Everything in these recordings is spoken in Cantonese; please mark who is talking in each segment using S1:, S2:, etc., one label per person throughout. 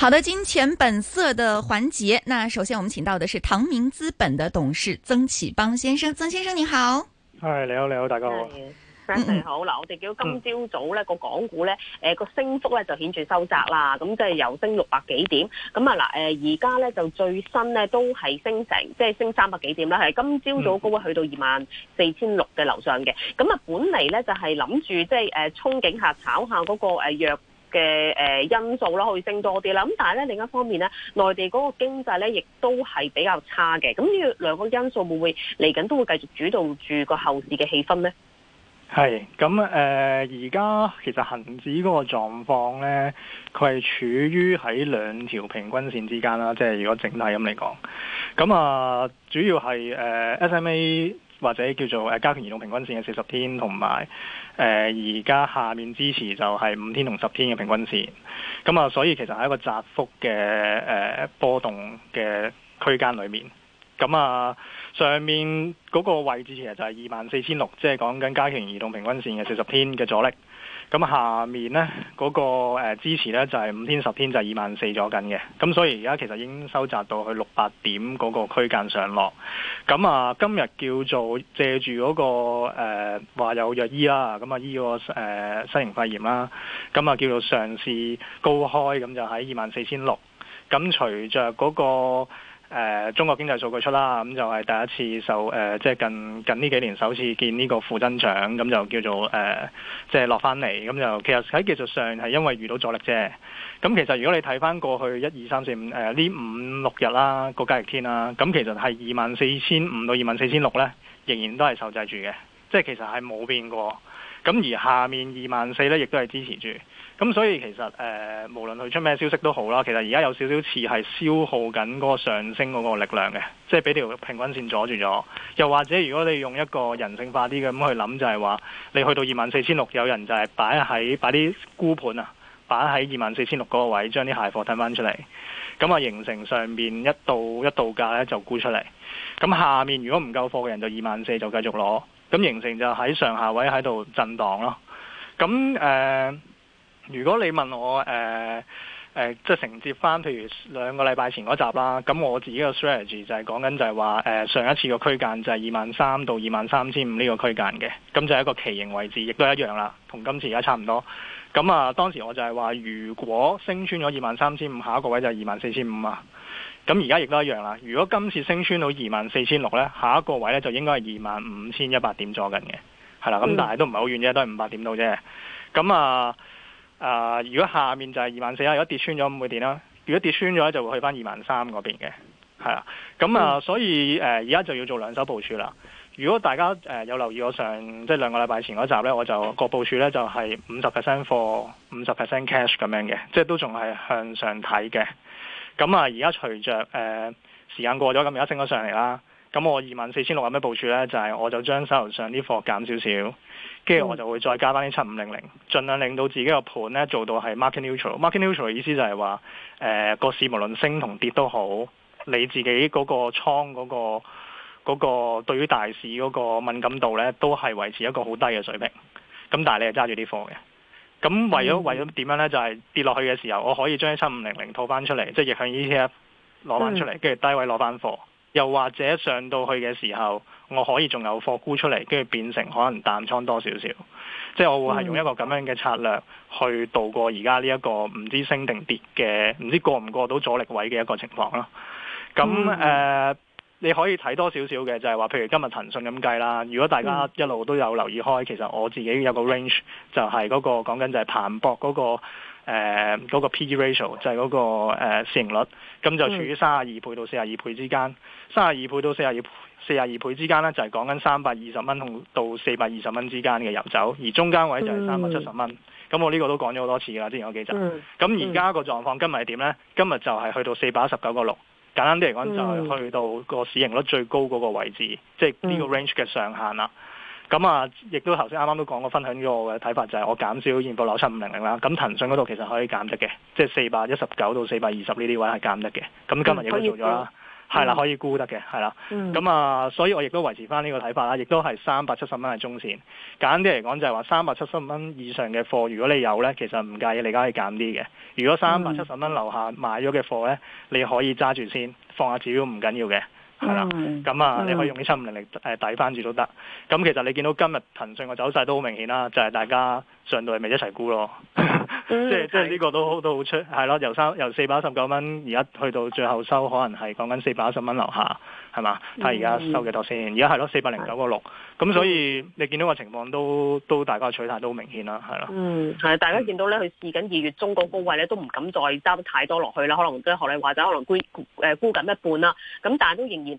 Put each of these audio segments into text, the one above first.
S1: 好的，金錢本色的環節，那首先我們請到的是唐明資本的董事曾啟邦先生，曾先生你好。
S2: 嗨，你好，你好，大家好。
S1: 兄弟 Hi.、嗯、好，嗱，我哋叫今朝早咧個港股咧，誒、呃、個升幅咧就顯著收窄啦，咁即係由升六百幾點，咁啊嗱，誒而家咧就最新咧都係升成，即係升三百幾點啦，係今朝早，早高位去到二萬四千六嘅樓上嘅，咁啊、嗯、本嚟咧就係諗住即係誒、呃、憧憬下炒下嗰、那個誒藥。呃呃呃呃呃呃呃嘅誒、呃、因素啦，可以升多啲啦。咁但係咧另一方面咧，內地嗰個經濟咧，亦都係比較差嘅。咁呢兩個因素會唔會嚟緊都會繼續主導住個後市嘅氣氛呢？
S2: 係咁誒，而家、呃、其實恒指嗰個狀況咧，佢係處於喺兩條平均線之間啦。即係如果整體咁嚟講，咁啊、呃、主要係誒 SMA。呃或者叫做誒加權移動平均線嘅四十天，同埋誒而家下面支持就係五天同十天嘅平均線。咁啊，所以其實係一個窄幅嘅誒波動嘅區間裏面。咁啊，上面嗰個位置其實就係二萬四千六，即係講緊加權移動平均線嘅四十天嘅、呃啊呃啊、阻力。咁下面呢嗰、那個、呃、支持呢，就係、是、五天十天就係二萬四左近嘅，咁所以而家其實已經收窄到去六百點嗰個區間上落。咁啊，今日叫做借住嗰個誒話、呃、有藥醫啦，咁啊醫個誒新型肺炎啦，咁啊叫做上市高開，咁就喺二萬四千六。咁隨着嗰個誒、呃、中國經濟數據出啦，咁、嗯、就係、是、第一次受誒、呃，即係近近呢幾年首次見呢個負增長，咁、嗯、就叫做誒，即係落翻嚟，咁就，是嗯、就其實喺技術上係因為遇到阻力啫。咁、嗯、其實如果你睇翻過去一二三四五誒呢五六日啦，個交易天啦，咁、嗯、其實係二萬四千五到二萬四千六咧，仍然都係受制住嘅，即係其實係冇變過。咁、嗯、而下面二萬四咧，亦都係支持住。咁所以其實誒、呃，無論佢出咩消息都好啦。其實而家有少少似係消耗緊嗰個上升嗰個力量嘅，即係俾條平均線阻住咗。又或者如果你用一個人性化啲嘅咁去諗，就係話你去到二萬四千六，有人就係擺喺擺啲沽盤啊，擺喺二萬四千六嗰個位，將啲鞋貨褪翻出嚟。咁啊，形成上面一度一度價呢就沽出嚟。咁下面如果唔夠貨嘅人就二萬四就繼續攞。咁形成就喺上下位喺度震盪咯。咁誒。呃如果你問我，誒、呃、誒、呃，即係承接翻，譬如兩個禮拜前嗰集啦，咁我自己嘅 strategy 就係講緊就係話，誒、呃、上一次區間個區間就係二萬三到二萬三千五呢個區間嘅，咁就係一個旗形位置，亦都一樣啦，同今次而家差唔多。咁啊，當時我就係話，如果升穿咗二萬三千五，下一個位就係二萬四千五啊。咁而家亦都一樣啦。如果今次升穿到二萬四千六咧，下一個位咧就應該係二萬五千一百點左右嘅，係啦。咁但係、嗯、都唔係好遠啫，都係五百點度啫。咁啊～啊、呃！如果下面就係二萬四啊，如果跌穿咗唔會跌啦。如果跌穿咗咧，就會去返二萬三嗰邊嘅，係啊。咁啊，呃嗯、所以誒而家就要做兩手部署啦。如果大家誒、呃、有留意我上即係、就是、兩個禮拜前嗰集咧，我就個部署咧就係五十 percent for，五十 percent cash 咁樣嘅，即係都仲係向上睇嘅。咁啊，而、呃、家隨着誒、呃、時間過咗，咁而家升咗上嚟啦。咁我二萬四千六有咩部署呢？就係、是、我就將手頭上啲貨減少少，跟住我就會再加翻啲七五零零，盡量令到自己個盤呢做到係 market neutral。market neutral 嘅意思就係話，誒、呃、個市無論升同跌都好，你自己嗰個倉嗰、那個嗰、那個、對於大市嗰個敏感度呢都係維持一個好低嘅水平。咁但係你係揸住啲貨嘅。咁為咗、嗯、為咗點樣呢？就係、是、跌落去嘅時候，我可以將啲七五零零套翻出嚟，即、就、係、是、逆向 ETF 攞翻出嚟，跟住低位攞翻貨。又或者上到去嘅時候，我可以仲有貨沽出嚟，跟住變成可能淡倉多少少，即係我會係用一個咁樣嘅策略去度過而家呢一個唔知升定跌嘅，唔知過唔過到阻力位嘅一個情況啦。
S1: 咁誒、嗯呃，
S2: 你可以睇多少少嘅，就係話，譬如今日騰訊咁計啦。如果大家一路都有留意開，其實我自己有個 range 就係嗰、那個講緊就係彭博嗰、那個。誒嗰、呃那個 P/E ratio 就係嗰、那個、呃、市盈率，咁就處於三十二倍到四十二倍之間，三十二倍到四十二四十二倍之間呢，就係講緊三百二十蚊同到四百二十蚊之間嘅遊走，而中間位就係三百七十蚊。咁、嗯、我呢個都講咗好多次㗎，之前有幾集。咁而家個狀況今日係點呢？今日就係去到四百一十九個六，簡單啲嚟講就係去到個市盈率最高嗰個位置，即係呢個 range 嘅上限啦。咁啊，亦都頭先啱啱都講過，分享咗我嘅睇法，就係我減少現報樓七五零零啦。咁騰訊嗰度其實可以減得嘅，即係四百一十九到四百二十呢啲位係減得嘅。咁今日亦都做咗啦，係、嗯、啦，可以沽得嘅，係、嗯、啦。咁、嗯、啊，所以我亦都維持翻呢個睇法啦。亦都係三百七十蚊係中線。簡單啲嚟講，就係話三百七十蚊以上嘅貨，如果你有呢，其實唔介意你而家可以減啲嘅。如果三百七十蚊樓下買咗嘅貨呢，你可以揸住先，放下止都唔緊要嘅。係啦，咁啊，你可以用呢七五零嚟，誒抵翻住都得。咁，嗯，其實你見到今日騰訊個走勢都好明顯啦，啊，就係，是，大家。上到係咪一齊沽咯？即係即係呢個都好都好出係咯。由收由四百一十九蚊，而家去到最後收可能係講緊四百一十蚊樓下係嘛？睇下而家收幾多先？而家係咯四百零九個六。咁所以你見到個情況都都大家取態
S1: 都好明顯啦，係咯。嗯，係大家見到咧，佢試緊二月中嗰個高位咧，都唔敢再揸得太多落去啦。可能即係學你話齋，可能沽誒、呃、沽緊一半啦。咁但係都仍然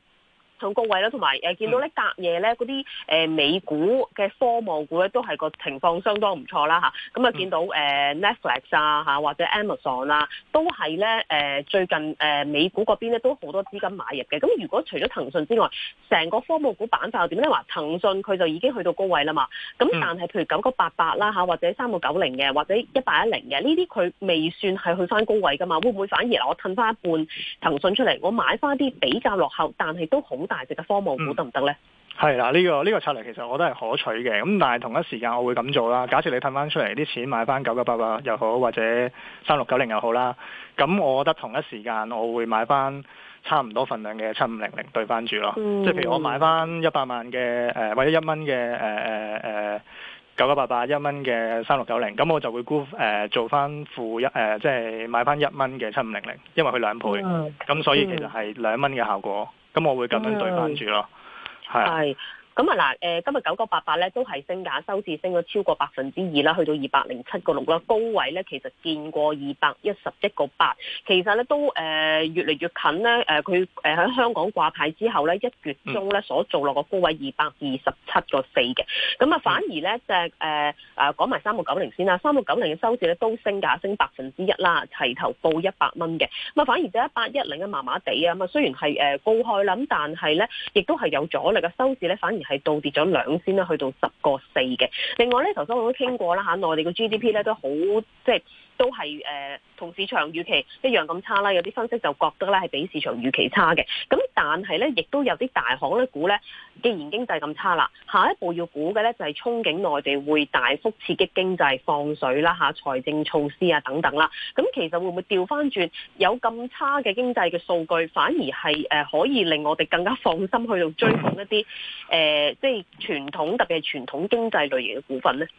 S1: 上高位啦，同埋誒見到咧隔夜咧嗰啲誒美股嘅科網股咧都係個情況相當唔錯啦嚇，咁啊、嗯嗯、見到誒、呃、Netflix 啊嚇或者 Amazon 啊，都係咧誒最近誒、呃、美股嗰邊咧都好多資金買入嘅。咁、啊、如果除咗騰訊之外，成個科網股板塊又點咧？話、啊、騰訊佢就已經去到高位啦嘛，咁、嗯嗯、但係譬如九個八八啦嚇，或者三個九零嘅，或者一八一零嘅，呢啲佢未算係去翻高位噶嘛？會唔會反而我褪翻一半，一半騰訊出嚟，我買翻啲比較落後但係都好？大隻嘅科網
S2: 股得唔得呢？係啦、嗯，呢、這個呢、這個策略其實我覺得係可取嘅。咁但係同一時間，我會咁做啦。假設你褪翻出嚟啲錢買翻九九八八又好，或者三六九零又好啦，咁我覺得同一時間我會買翻差唔多份量嘅七五零零對翻住咯。嗯、即係譬如我買翻一百萬嘅誒、呃，或者一蚊嘅誒誒九九八八一蚊嘅三六九零，咁我就會估誒、呃、做翻負一誒、呃，即係買翻一蚊嘅七五零零，因為佢兩倍，咁一所以其實係兩蚊嘅效果，咁我會咁樣對翻住咯，
S1: 係。一咁啊嗱，誒今日九九八八咧都係升價，收市升咗超過百分之二啦，去到二百零七個六啦。高位咧其實見過二百一十一個八，其實咧都誒越嚟越近咧誒佢誒喺香港掛牌之後咧一月中咧所做落個高位二百二十七個四嘅。咁啊、嗯、反而咧就誒啊講埋三六九零先啦，三六九零嘅收市咧都升價升百分之一啦，齊頭報一百蚊嘅。咁啊反而就一八一零啊麻麻地啊，咁啊雖然係誒高開啦，但係咧亦都係有阻力嘅收市咧反而。而係倒跌咗兩仙啦，去到十個四嘅。另外咧，頭先我，我都傾過啦吓，內地嘅 GDP 咧都好即係。都係誒同市場預期一樣咁差啦，有啲分析就覺得咧係比市場預期差嘅。咁但係咧亦都有啲大行咧估咧，既然經濟咁差啦，下一步要估嘅咧就係憧憬內地會大幅刺激經濟放水啦嚇，啊財政措施啊等等啦，咁啊其實會唔會掉返轉有咁差嘅經濟嘅數據，反而係誒呃可以令我哋更加放心去到追捧一啲誒呃即係傳統特別係傳統經濟類型嘅股份咧？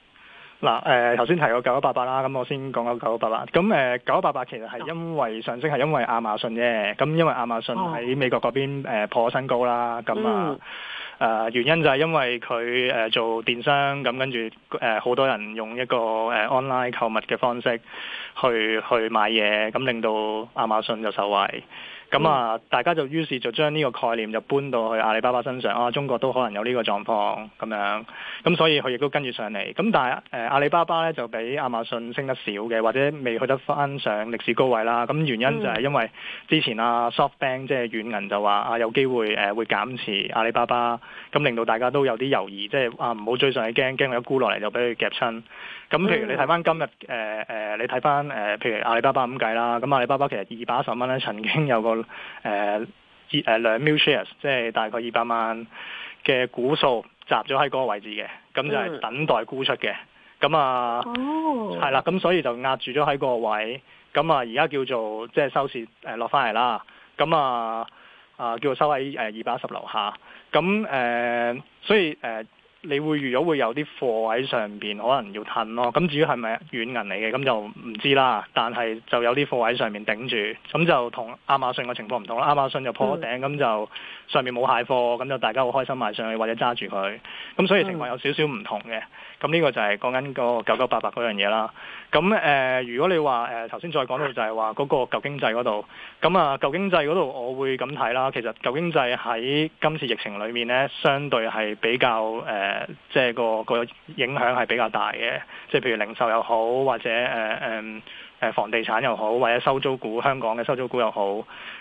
S2: 嗱，誒頭先提過九一八八啦，咁我先講九一八八。咁誒九一八八其實係因為上升係、oh. 因為亞馬遜啫，咁因為亞馬遜喺美國嗰邊、呃、破新高啦，咁啊誒、mm. 呃、原因就係因為佢誒、呃、做電商，咁跟住誒好多人用一個誒、呃、online 購物嘅方式去去買嘢，咁令到亞馬遜就受惠。咁啊，嗯、大家就於是就將呢個概念就搬到去阿里巴巴身上，啊，中國都可能有呢個狀況咁樣，咁、嗯、所以佢亦都跟住上嚟。咁但係誒、呃、阿里巴巴咧就比亞馬遜升得少嘅，或者未去得翻上歷史高位啦。咁原因就係因為之前啊 SoftBank 即係軟銀就話啊有機會誒、呃、會減持阿里巴巴，咁令到大家都有啲猶豫，即、就、係、是、啊唔好追上去驚，驚一沽落嚟就俾佢夾親。
S1: 咁、嗯、譬如你睇
S2: 翻今日誒誒，你睇翻誒譬如阿里巴巴咁計啦，咁阿里巴巴其實二百一十蚊咧曾經有個。誒二誒兩 million shares，即係大概二百萬嘅股數集咗喺嗰個位置嘅，咁就係等待沽出嘅，咁啊，係、uh, 啦、oh.，咁所以就壓住咗喺嗰個位，咁啊而家叫做即係、就是、收市誒落翻嚟啦，咁、呃、啊啊叫做收喺誒二百一十樓下，咁誒、呃、所以誒。呃你會如果會有啲貨喺上邊可能要褪咯，咁至於係咪軟銀嚟嘅，咁就唔知啦。但係就有啲貨喺上面頂住，咁就同亞馬遜嘅情況唔同啦。亞馬遜就破咗頂，咁、嗯、就上面冇蟹貨，咁就大家好開心賣上去或者揸住佢，咁所以情況有少少唔同嘅。咁呢個就係講緊個九九八八嗰樣嘢啦。咁誒、呃，如果你話誒頭先再講到就係話嗰個舊經濟嗰度，咁啊舊經濟嗰度我會咁睇啦。其實舊經濟喺今次疫情裡面呢，相對係比較誒。呃誒，即係個個影響係比較大嘅，即係譬如零售又好，或者誒誒誒房地產又好，或者收租股香港嘅收租股又好，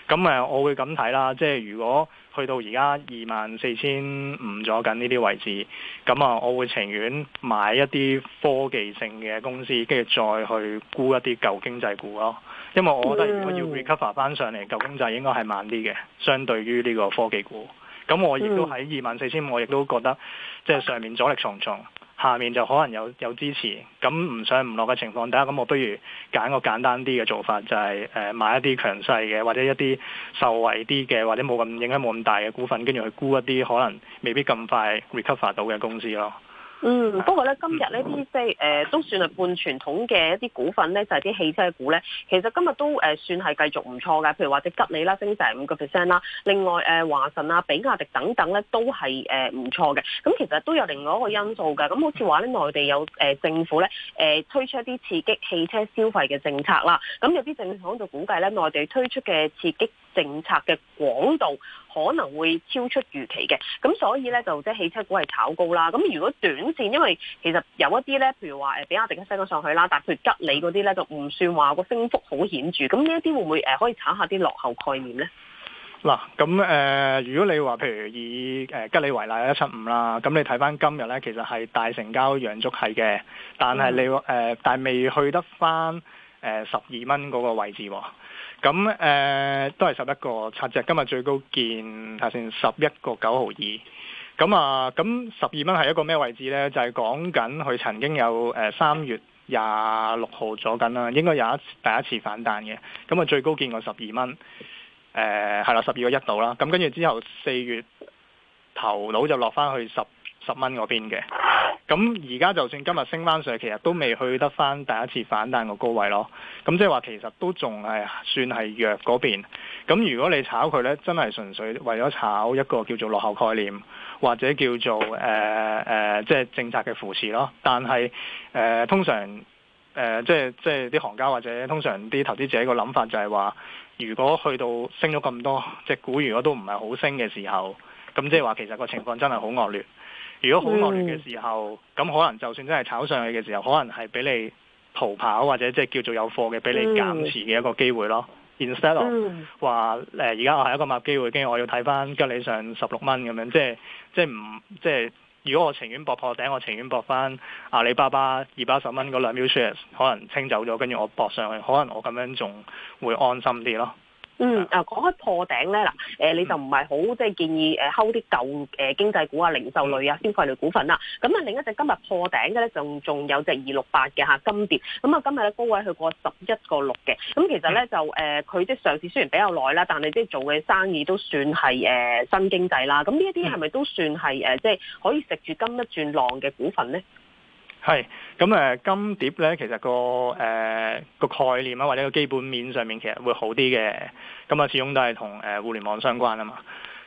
S2: 咁誒，我會咁睇啦。即係如果去到而家二萬四千五左近呢啲位置，咁啊，我會情願買一啲科技性嘅公司，跟住再去沽一啲舊經濟股咯。因為我覺得如果要 recover 翻上嚟，舊經濟應該係慢啲嘅，相對於呢個科技股。咁我亦都喺二萬四千五，我亦都覺得。即係上面阻力重重，下面就可能有有支持，咁唔上唔落嘅情況底下，咁我不如揀個簡單啲嘅做法，就係，誒，呃，買一啲強勢嘅，或者一啲受惠啲嘅，或者冇咁影響冇咁大嘅股份，跟住去沽一啲可能未必咁快 recover 到嘅公司咯。
S1: 嗯，不過咧，今日呢啲即係誒都算係半傳統嘅一啲股份咧，就係、是、啲汽車股咧，其實今日都誒、呃、算係繼續唔錯嘅。譬如話，隻吉利啦，升成五個 percent 啦。另外誒、呃，華晨啊、比亞迪等等咧，都係誒唔錯嘅。咁、呃、其實都有另外一個因素嘅。咁好似話咧，內地有誒、呃、政府咧誒、呃、推出一啲刺激汽車消費嘅政策啦。咁有啲政府就估計咧，內地推出嘅刺激政策嘅廣度。可能會超出預期嘅，咁所以咧就即係汽車股係炒高啦。咁如果短線，因為其實有一啲咧，譬如話誒，比亞迪嘅升咗上去啦，但係佢吉利嗰啲咧就唔算話個升幅好顯著。咁呢一啲會唔會誒、呃、可以炒下啲落後概念咧？嗱，咁、
S2: 呃、誒，如果你話譬如以誒、呃、吉利為例一七五啦，咁你睇翻今日咧，其實係大成交、陽燭係嘅，但係你誒、嗯呃、但係未去得翻誒十二蚊嗰個位置喎、啊。咁誒、呃、都係十一個七隻，今日最高見睇下先，十、啊、一個九毫二。咁啊，咁十二蚊係一個咩位置呢？就係、是、講緊佢曾經有誒三、呃、月廿六號左緊啦，應該有一第一次反彈嘅。咁啊，最高見過十二蚊，誒係啦，十二個一度啦。咁跟住之後四月頭佬就落翻去十十蚊嗰邊嘅。咁而家就算今日升翻上去，其實都未去得翻第一次反彈個高位咯。咁即係話，其實都仲係算係弱嗰邊。咁如果你炒佢呢，真係純粹為咗炒一個叫做落後概念，或者叫做誒誒，即係政策嘅扶持咯。但係誒，通常誒，即係即係啲行家或者通常啲投資者個諗法就係話，如果去到升咗咁多隻股，如果都唔係好升嘅時候，咁即係話，其實個情況真係好惡劣。如果好惡劣嘅時候，咁、嗯、可能就算真係炒上去嘅時候，可能係俾你逃跑或者即係叫做有貨嘅俾你減持嘅一個機會咯。Instead of 話誒、嗯，而家、呃、我係一個買機會，跟住我要睇翻吉利上十六蚊咁樣，即係即係唔即係，如果我情願搏破頂，我情願搏翻阿里巴巴二百一十蚊嗰兩秒 shares，可能清走咗，跟住我搏上去，可能我咁樣仲會安心啲咯。
S1: 嗯，啊，講開破頂咧，嗱、啊，誒你就唔係好即係建議誒 Hold 啲舊誒經濟股啊、零售類啊、消費類股份啦。咁啊，另一隻今日破頂嘅咧，仲仲有隻二六八嘅嚇金蝶。咁啊，今日咧高位去過十一個六嘅。咁、啊、其實咧就誒，佢即係上市雖然比較耐啦，但係即係做嘅生意都算係誒、啊、新經濟啦。咁呢一啲係咪都算係誒即係可以食住金一轉浪嘅股份咧？
S2: 係咁誒，金蝶咧，其實個誒、呃、個概念啊，或者個基本面上面其實會好啲嘅。咁啊，始終都係同誒互聯網相關啊嘛。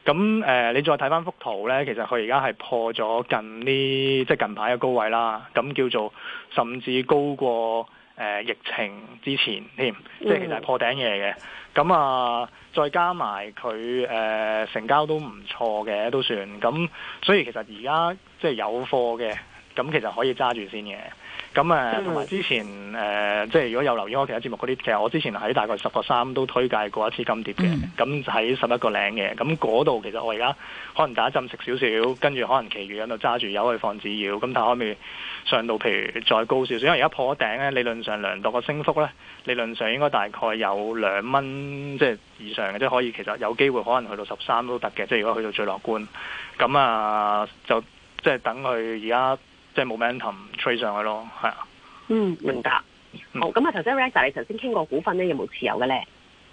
S2: 咁誒、呃，你再睇返幅圖咧，其實佢而家係破咗近呢即係近排嘅高位啦。咁叫做甚至高過誒、呃、疫情之前添，即係其實係破頂嘢嘅。咁啊、嗯，再加埋佢誒成交都唔錯嘅，都算。咁所以其實而家即係有貨嘅。咁其實可以揸住先嘅，咁誒同埋之前誒、呃，即係如果有留意我其他節目嗰啲，其實我之前喺大概十個三都推介過一次金蝶嘅，咁喺十一個零嘅，咁嗰度其實我而家可能打一針食少少，跟住可能其餘喺度揸住有去放止腰，咁但可唔可以上到譬如再高少少，因為而家破咗頂咧，理論上量度個升幅咧，理論上應該大概有兩蚊即係以上嘅，即係可以其實有機會可能去到十三都得嘅，即係如果去到最樂觀，咁啊就即係等佢而家。即係 momentum 無名堂吹上去咯，係啊。
S1: 嗯，明
S2: 白。好、嗯，
S1: 咁啊、哦，頭先 Rex，你頭先傾過股份咧，有冇持有嘅咧？誒、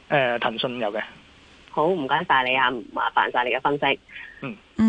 S1: 呃，騰訊有嘅。好，唔該晒你啊，麻煩晒你嘅分析。嗯。
S2: 嗯。